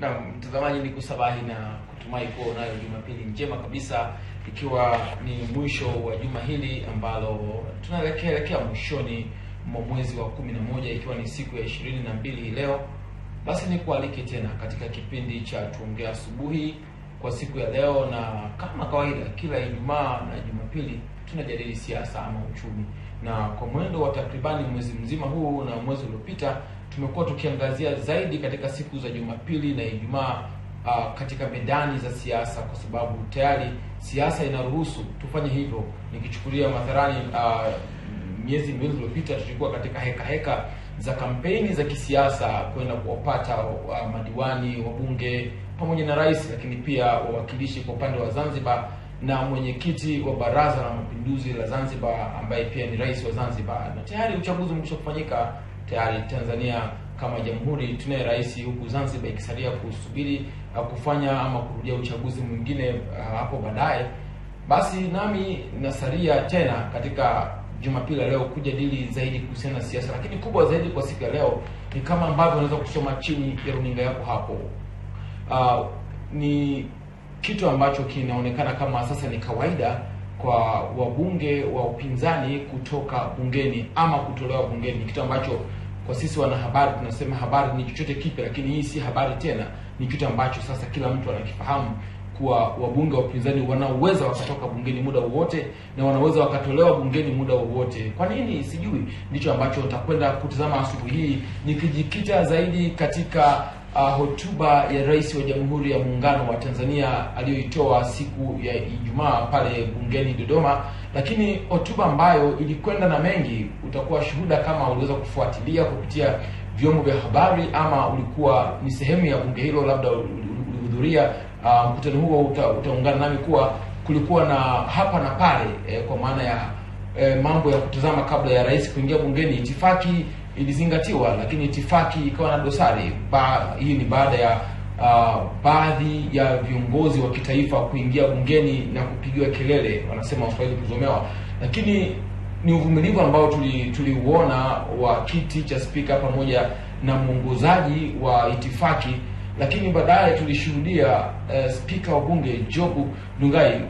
Na mtazamaji ni kusabahi na kutumai kuwa unayo Jumapili njema kabisa, ikiwa ni mwisho wa juma hili ambalo tunaelekea mwishoni mwa mwezi wa kumi na moja ikiwa ni siku ya ishirini na mbili hii leo, basi ni kualike tena katika kipindi cha tuongea asubuhi kwa siku ya leo, na kama kawaida kila Ijumaa na Jumapili tunajadili siasa ama uchumi, na kwa mwendo wa takribani mwezi mzima huu na mwezi uliopita tumekuwa tukiangazia zaidi katika siku za Jumapili na Ijumaa uh, katika medani za siasa, kwa sababu tayari siasa inaruhusu tufanye hivyo. Nikichukulia madharani uh, ah, miezi miwili iliyopita tulikuwa katika heka heka za kampeni za kisiasa kwenda kuwapata uh, madiwani, wabunge pamoja na rais, lakini pia wawakilishi kwa upande wa Zanzibar na mwenyekiti wa Baraza la Mapinduzi la Zanzibar ambaye pia ni rais wa Zanzibar, na tayari uchaguzi umekwisha kufanyika tayari Tanzania kama jamhuri tunaye rais, huku Zanzibar ikisalia kusubiri uh, kufanya ama kurudia uchaguzi mwingine uh, hapo baadaye, basi nami nasalia tena katika Jumapili leo kujadili zaidi kuhusiana na siasa, lakini kubwa zaidi kwa siku ya leo ni kama ambavyo unaweza kusoma chini ya runinga yako hapo. Uh, ni kitu ambacho kinaonekana kama sasa ni kawaida kwa wabunge wa upinzani kutoka bungeni ama kutolewa bungeni, kitu ambacho kwa sisi wanahabari tunasema habari ni chochote kipya, lakini hii si habari tena, ni kitu ambacho sasa kila mtu anakifahamu kuwa wabunge wa upinzani wanaweza wakatoka bungeni muda wowote na wanaweza wakatolewa bungeni muda wowote. Kwa nini? Sijui. Ndicho ambacho nitakwenda kutazama asubuhi hii nikijikita zaidi katika uh, hotuba ya Rais wa Jamhuri ya Muungano wa Tanzania aliyoitoa siku ya Ijumaa pale bungeni Dodoma, lakini hotuba ambayo ilikwenda na mengi. Utakuwa shuhuda kama uliweza kufuatilia kupitia vyombo vya habari ama ulikuwa ni sehemu ya bunge hilo, labda ulihudhuria ah, mkutano huo, uta, utaungana nami kuwa kulikuwa na hapa na pale eh, kwa maana ya eh, mambo ya kutazama kabla ya rais kuingia bungeni, itifaki ilizingatiwa, lakini itifaki ikawa na dosari. Ba, hii ni baada ya uh, baadhi ya viongozi wa kitaifa kuingia bungeni na kupigiwa kelele, wanasema Waswahili kuzomewa, lakini ni uvumilivu ambao tuliuona tuli wa kiti cha spika pamoja na mwongozaji wa itifaki, lakini baadaye tulishuhudia uh, e, spika wa bunge Jobu Ndugai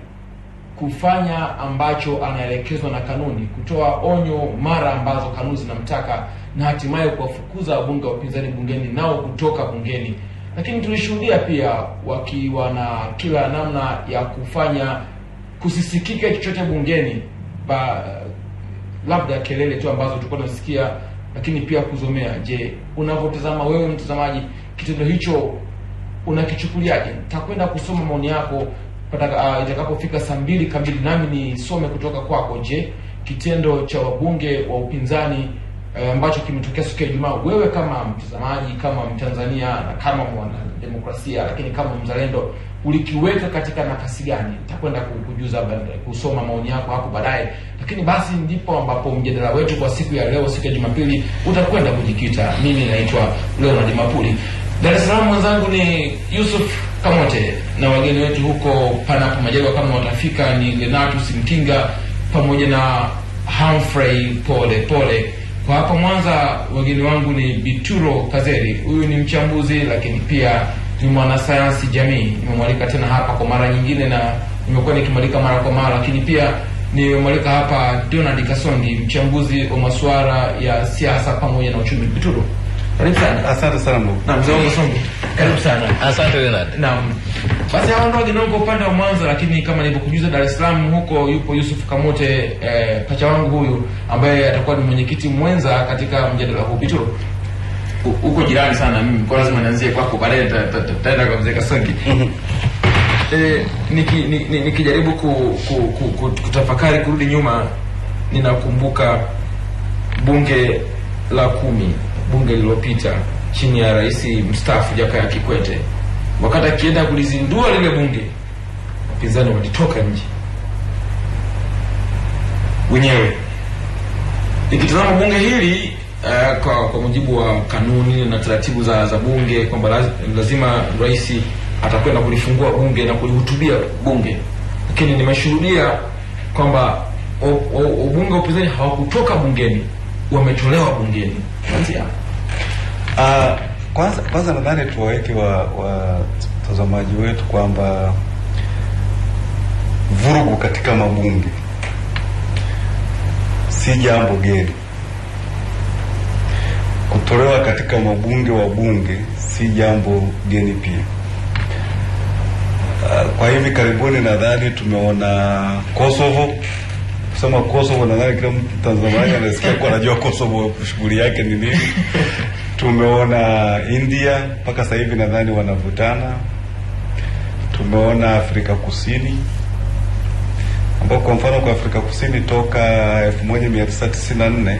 kufanya ambacho anaelekezwa na kanuni, kutoa onyo mara ambazo kanuni zinamtaka na hatimaye kuwafukuza wabunge wa upinzani bungeni nao kutoka bungeni. Lakini tulishuhudia pia wakiwa na kila namna ya kufanya kusisikike chochote bungeni ba, labda kelele tu ambazo tulikuwa tunasikia, lakini pia kuzomea. Je, unavyotazama wewe mtazamaji, kitendo hicho unakichukuliaje? Nitakwenda kusoma maoni yako uh, itakapofika saa mbili kamili, nami nisome kutoka kwako. Je, kitendo cha wabunge wa upinzani Eh, ambacho kimetokea siku ya Ijumaa, wewe kama mtazamaji, kama Mtanzania na kama mwana demokrasia, lakini kama mzalendo, ulikiweka katika nafasi gani? Nitakwenda kukujuza kusoma maoni yako hapo baadaye, lakini basi ndipo ambapo mjadala wetu kwa siku ya leo, siku ya Jumapili, utakwenda kujikita. Mimi naitwa Leonard Mapuli, Dar es Salaam mwenzangu ni Yusuf Kamote, na wageni wetu huko, panapo majaliwa, kama watafika, ni Lenatus Mtinga pamoja na Humphrey Pole Pole. Kwa hapa Mwanza, wageni wangu ni Bituro Kazeri, huyu ni mchambuzi lakini pia ni mwanasayansi jamii. Nimemwalika tena hapa kwa mara nyingine, na nimekuwa nikimwalika mara kwa mara, lakini pia nimemwalika hapa Donald Kasondi, mchambuzi wa masuala ya siasa pamoja na uchumi. Bituro, karibu sana. Asante sana. mzee wangu Kasondi. Karibu sana. Asante Leonard. Naam. Basi hao ndio kidogo upande wa Mwanza, lakini kama nilivyokujuza Dar es Salaam huko yupo Yusuf Kamote eh, pacha wangu huyu ambaye atakuwa ni mwenyekiti mwenza katika mjadala huu. Bituro, huko jirani sana mimi, kwa lazima nianzie kwako, baadaye tutaenda kwa mzee Kasongi. Eh, nikijaribu ni niki ku, ku, ku, kutafakari kurudi nyuma, ninakumbuka bunge la kumi, bunge lililopita chini ya rais mstaafu Jakaya Kikwete, wakati akienda kulizindua lile bunge, wapinzani walitoka nje wenyewe. Nikitazama bunge hili uh, kwa, kwa mujibu wa kanuni na taratibu za, za bunge kwamba lazima rais atakwenda kulifungua bunge na kulihutubia bunge, lakini nimeshuhudia kwamba wabunge wa upinzani hawakutoka bungeni, wametolewa bungeni Uh, kwanza kwanza nadhani tuwaweke watazamaji wa, wetu kwamba vurugu katika mabunge si jambo geni. Kutolewa katika mabunge wa bunge si jambo geni pia. Uh, kwa hivi karibuni nadhani tumeona Kosovo kusema Kosovo, nadhani kila mtu Tanzania anasikia kwa anajua Kosovo shughuli yake ni nini Tumeona India mpaka sasa hivi nadhani wanavutana. Tumeona Afrika Kusini ambao kwa mfano kwa Afrika Kusini toka 1994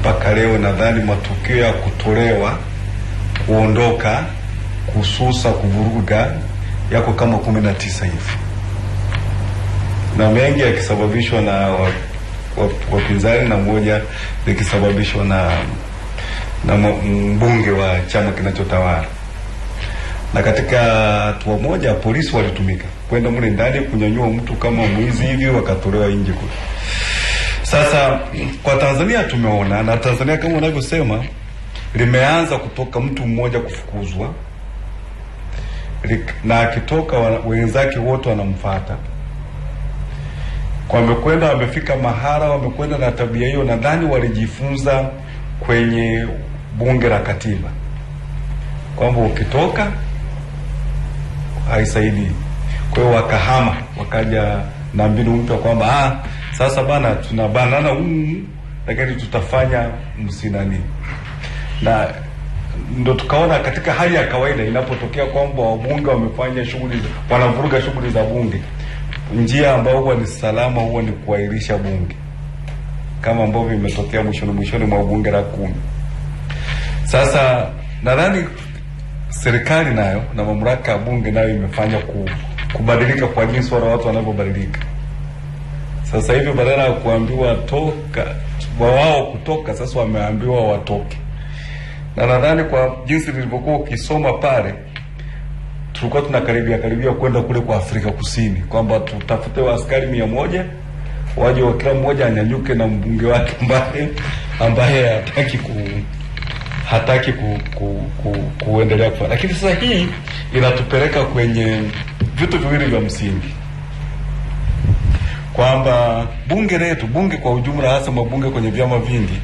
mpaka leo nadhani matukio ya kutolewa, kuondoka, kususa, kuvuruga yako kama 19 hivi, na mengi yakisababishwa na wapinzani na moja likisababishwa na na mbunge wa chama kinachotawala. Na katika hatua moja polisi walitumika kwenda mle ndani kunyanyua mtu kama mwizi hivi, wakatolewa nje kule. Sasa kwa Tanzania tumeona, na Tanzania kama unavyosema limeanza kutoka mtu mmoja kufukuzwa na akitoka wenzake wote wanamfuata, wamekwenda wamefika mahala, wamekwenda na tabia hiyo. Nadhani walijifunza kwenye bunge la katiba kwamba ukitoka haisaidii. Kwa hiyo wakahama, wakaja na mbinu mpya kwamba ah, sasa bana banana huu, lakini tutafanya msinani na ndo tukaona katika hali ya kawaida inapotokea kwamba wabunge wamefanya shughuli, wanavuruga shughuli za bunge, njia ambayo huwa ni salama huwa ni kuahirisha bunge, kama ambavyo imetokea mwishoni mwishoni mwa bunge la kumi. Sasa nadhani serikali nayo na mamlaka ya bunge nayo imefanya ku, kubadilika kwa jinsi wale watu wanavyobadilika sasa hivi, badala ya kuambiwa toka wao kutoka, sasa wameambiwa watoke. Na nadhani kwa jinsi nilivyokuwa ukisoma pale, tulikuwa tunakaribia karibia kwenda kule kwa Afrika Kusini kwamba tutafute askari mia moja waje wa kila mmoja anyanyuke na mbunge wake ambaye ambaye hataki ku hataki ku, ku, ku, kuendelea kufanya. Lakini sasa hii inatupeleka kwenye vitu viwili vya msingi kwamba bunge letu, bunge kwa ujumla, hasa mabunge kwenye vyama vingi,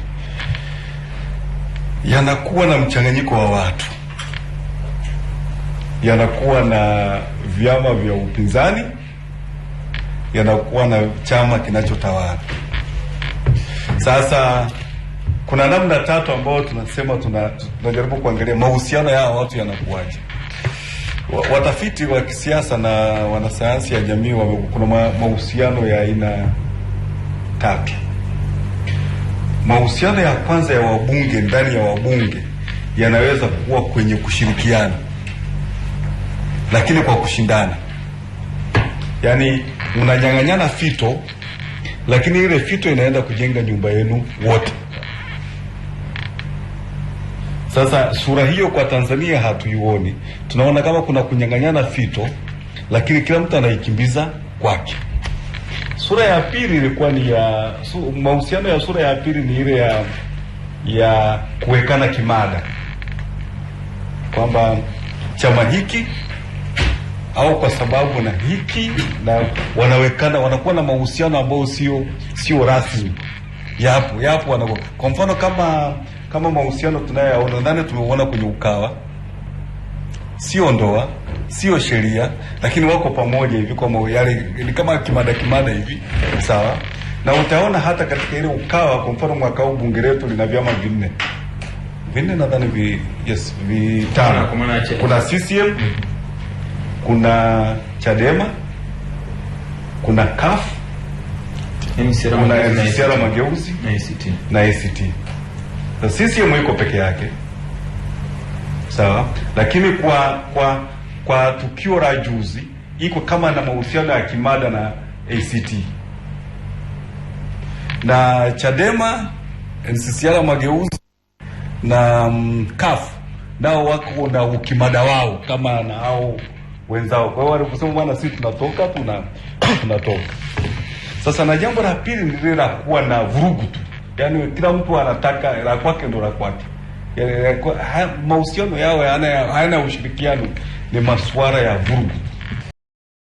yanakuwa na mchanganyiko wa watu, yanakuwa na vyama vya upinzani, yanakuwa na chama kinachotawala sasa kuna namna tatu ambayo tunasema tunajaribu kuangalia mahusiano yao watu yanakuwaje. Watafiti wa kisiasa na wanasayansi ya jamii kuna mahusiano ya aina tatu. Mahusiano ya kwanza ya wabunge ndani ya wabunge yanaweza kuwa kwenye kushirikiana, lakini kwa kushindana, yaani unanyang'anyana fito, lakini ile fito inaenda kujenga nyumba yenu wote. Sasa sura hiyo kwa Tanzania hatuioni, tunaona kama kuna kunyang'anyana fito, lakini kila mtu anaikimbiza kwake. Sura ya pili ilikuwa ni ya mahusiano ya sura ya pili ni ile ya ya kuwekana kimada, kwamba chama hiki au kwa sababu na hiki na wanawekana, wanakuwa na mahusiano ambayo sio sio rasmi. Yapo yapo, wanakuwa kwa mfano kama kama mahusiano tunayoyaona, nadhani tumeuona kwenye Ukawa, sio ndoa, sio sheria, lakini wako pamoja hivi kwa yale ni kama kimada kimada hivi, sawa. Na utaona hata katika ile Ukawa, kwa mfano mwaka huu bunge letu lina vyama vinne vinne, nadhani vi, yes vitano. Kuna CCM, mm-hmm. kuna Chadema, kuna CUF, kuna NCCR Mageuzi na ACT. CCM iko peke yake sawa, lakini kwa kwa kwa tukio la juzi iko kama na mahusiano ya kimada na ACT na Chadema, NCCR Mageuzi na mm, CUF nao wako na ukimada wao kama na hao wenzao. Kwa hiyo walikusema bwana, sisi tunatoka tuna tunatoka. Sasa na jambo la pili ndilo la kuwa na vurugu tu yani kila mtu anataka la kwake ndo la kwake. Yaani, mahusiano yao hayana ushirikiano, ni masuala ya vurugu.